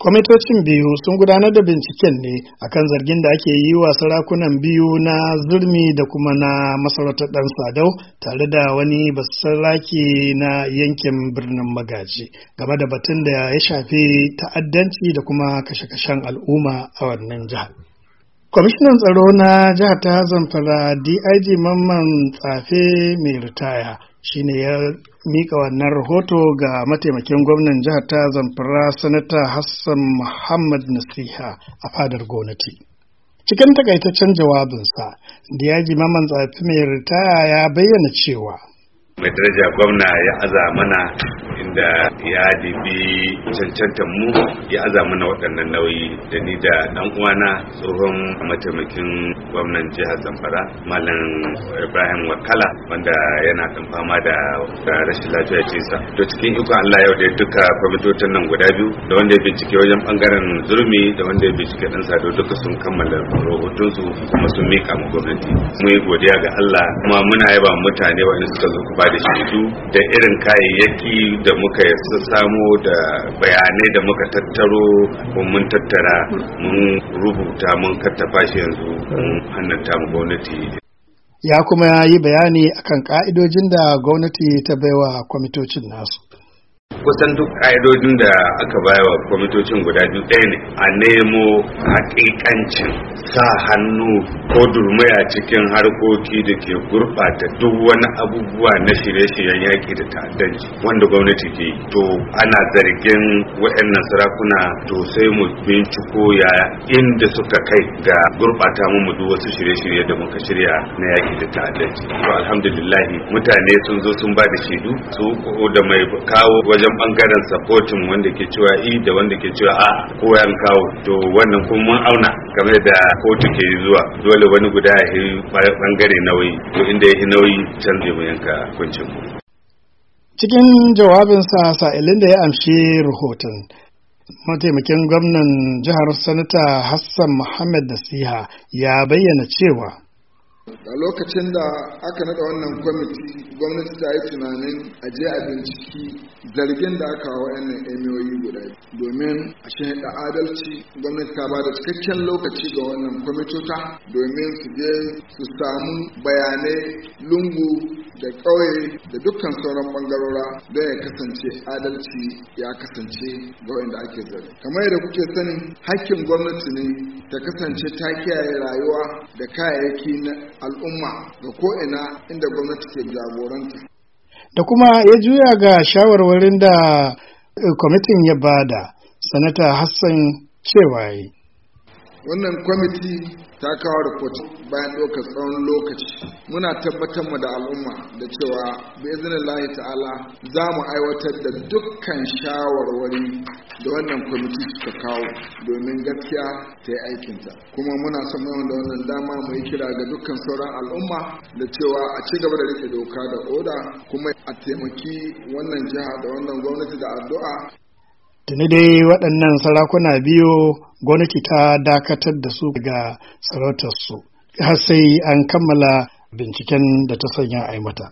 kwamitocin biyu sun gudanar da binciken ne akan zargin da ake yi wa sarakunan biyu na zurmi da kuma na masarautar dan sadau tare da wani basaraki na yankin birnin magaji game da batun da ya shafi ta'addanci da kuma kashe-kashen al'umma a wannan jiha kwamishinan tsaro na jihar ta zamfara dig mamman tsafe mai ritaya shine ya mika wannan rahoto ga mataimakin gwamnan jihar ta zamfara sanata hassan muhammad nasiha a fadar gwamnati cikin takaitaccen jawabinsa da yaji maman tsafi mai ritaya ya bayyana cewa mai daraja gwamna ya aza mana inda ya dibi cancantar mu ya aza mana waɗannan nauyi da ni da ɗan uwana tsohon mataimakin gwamnan jihar zamfara malam ibrahim wakala wanda yana kan fama da rashin lafiya cinsa to cikin ikon allah yau da duka kwamitotin nan guda biyu da wanda ya bincike wajen bangaren zurmi da wanda ya bincike ɗan sado duka sun kammala rahotonsu kuma sun mika mu gwamnati mu yi godiya ga allah kuma muna yaba mutane waɗanda suka zo ba da shaidu da irin kayayyaki da muka samo da bayanai da muka tattaro mun tattara mun rubuta mun kattafa shi yanzu mun hannata mu gwamnati ya kuma yi bayani akan ka'idojin da gwamnati ta baiwa kwamitocin nasu kusan duk ƙa'idodin da aka wa kwamitocin guda biyu ɗaya ne a nemo haƙiƙancin sa hannu ko durmaya cikin harkoki da ke gurɓata duk wani abubuwa na shirye-shiryen yaƙi da ta'addanci wanda gwamnati ke to ana zargin waɗannan sarakuna to sai mu binciko ya inda suka kai ga gurɓata mu duk wasu shirye-shirye da muka shirya na yaƙi da ta'addanci to alhamdulillah mutane sun zo sun ba da shaidu su da mai kawo wajen wannan bangaren supporting wanda ke cewa i e da wanda ke cewa a ko yan kawo to wannan kuma mun auna game da kotu ke zuwa dole wani guda ya yi bangare nauyi to inda ya yi nauyi canje mu yanka kuncin mu cikin sa sa'ilin da ya amshi rahoton mataimakin gwamnan jihar sanata hassan muhammad nasiha ya bayyana cewa a lokacin da aka nada wannan kwamiti gwamnati ta yi tunanin a je a binciki zargin da aka wa wayannan emiyoyi guda domin a da adalci gwamnati ta ba da cikakken lokaci ga wannan kwamitota domin su je su samu bayanai lungu da ƙauye da dukkan sauran bangarora don ya kasance adalci ya kasance ga wanda ake zari kamar yadda kuke sanin hakkin gwamnati ne ta kasance ta kiyaye rayuwa da kayayyaki na al'umma ga ko'ina inda gwamnati ke jagoranta da kuma ya juya ga shawarwarin da eh, kwamitin ya bada sanata hassan cewa wannan kwamiti ta kawo rikot bayan ɗaukar tsawon lokaci muna tabbatar mu da al'umma da cewa bezinillahi ta'ala za mu aiwatar da dukkan shawarwari da wannan kwamiti suka kawo domin gaskiya ta yi aikinta kuma muna son mai da wannan dama mu yi kira ga dukkan sauran al'umma da cewa a ci gaba da rike doka da oda kuma a taimaki wannan jiha da wannan gwamnati da addu'a tuni dai waɗannan sarakuna biyu gwamnati ta dakatar da su daga sarautarsu har sai an kammala binciken da ta sanya a yi mata.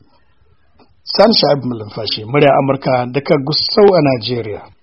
Sani Sha'ib Malumfashi, murya Amurka daga Gusau a Najeriya.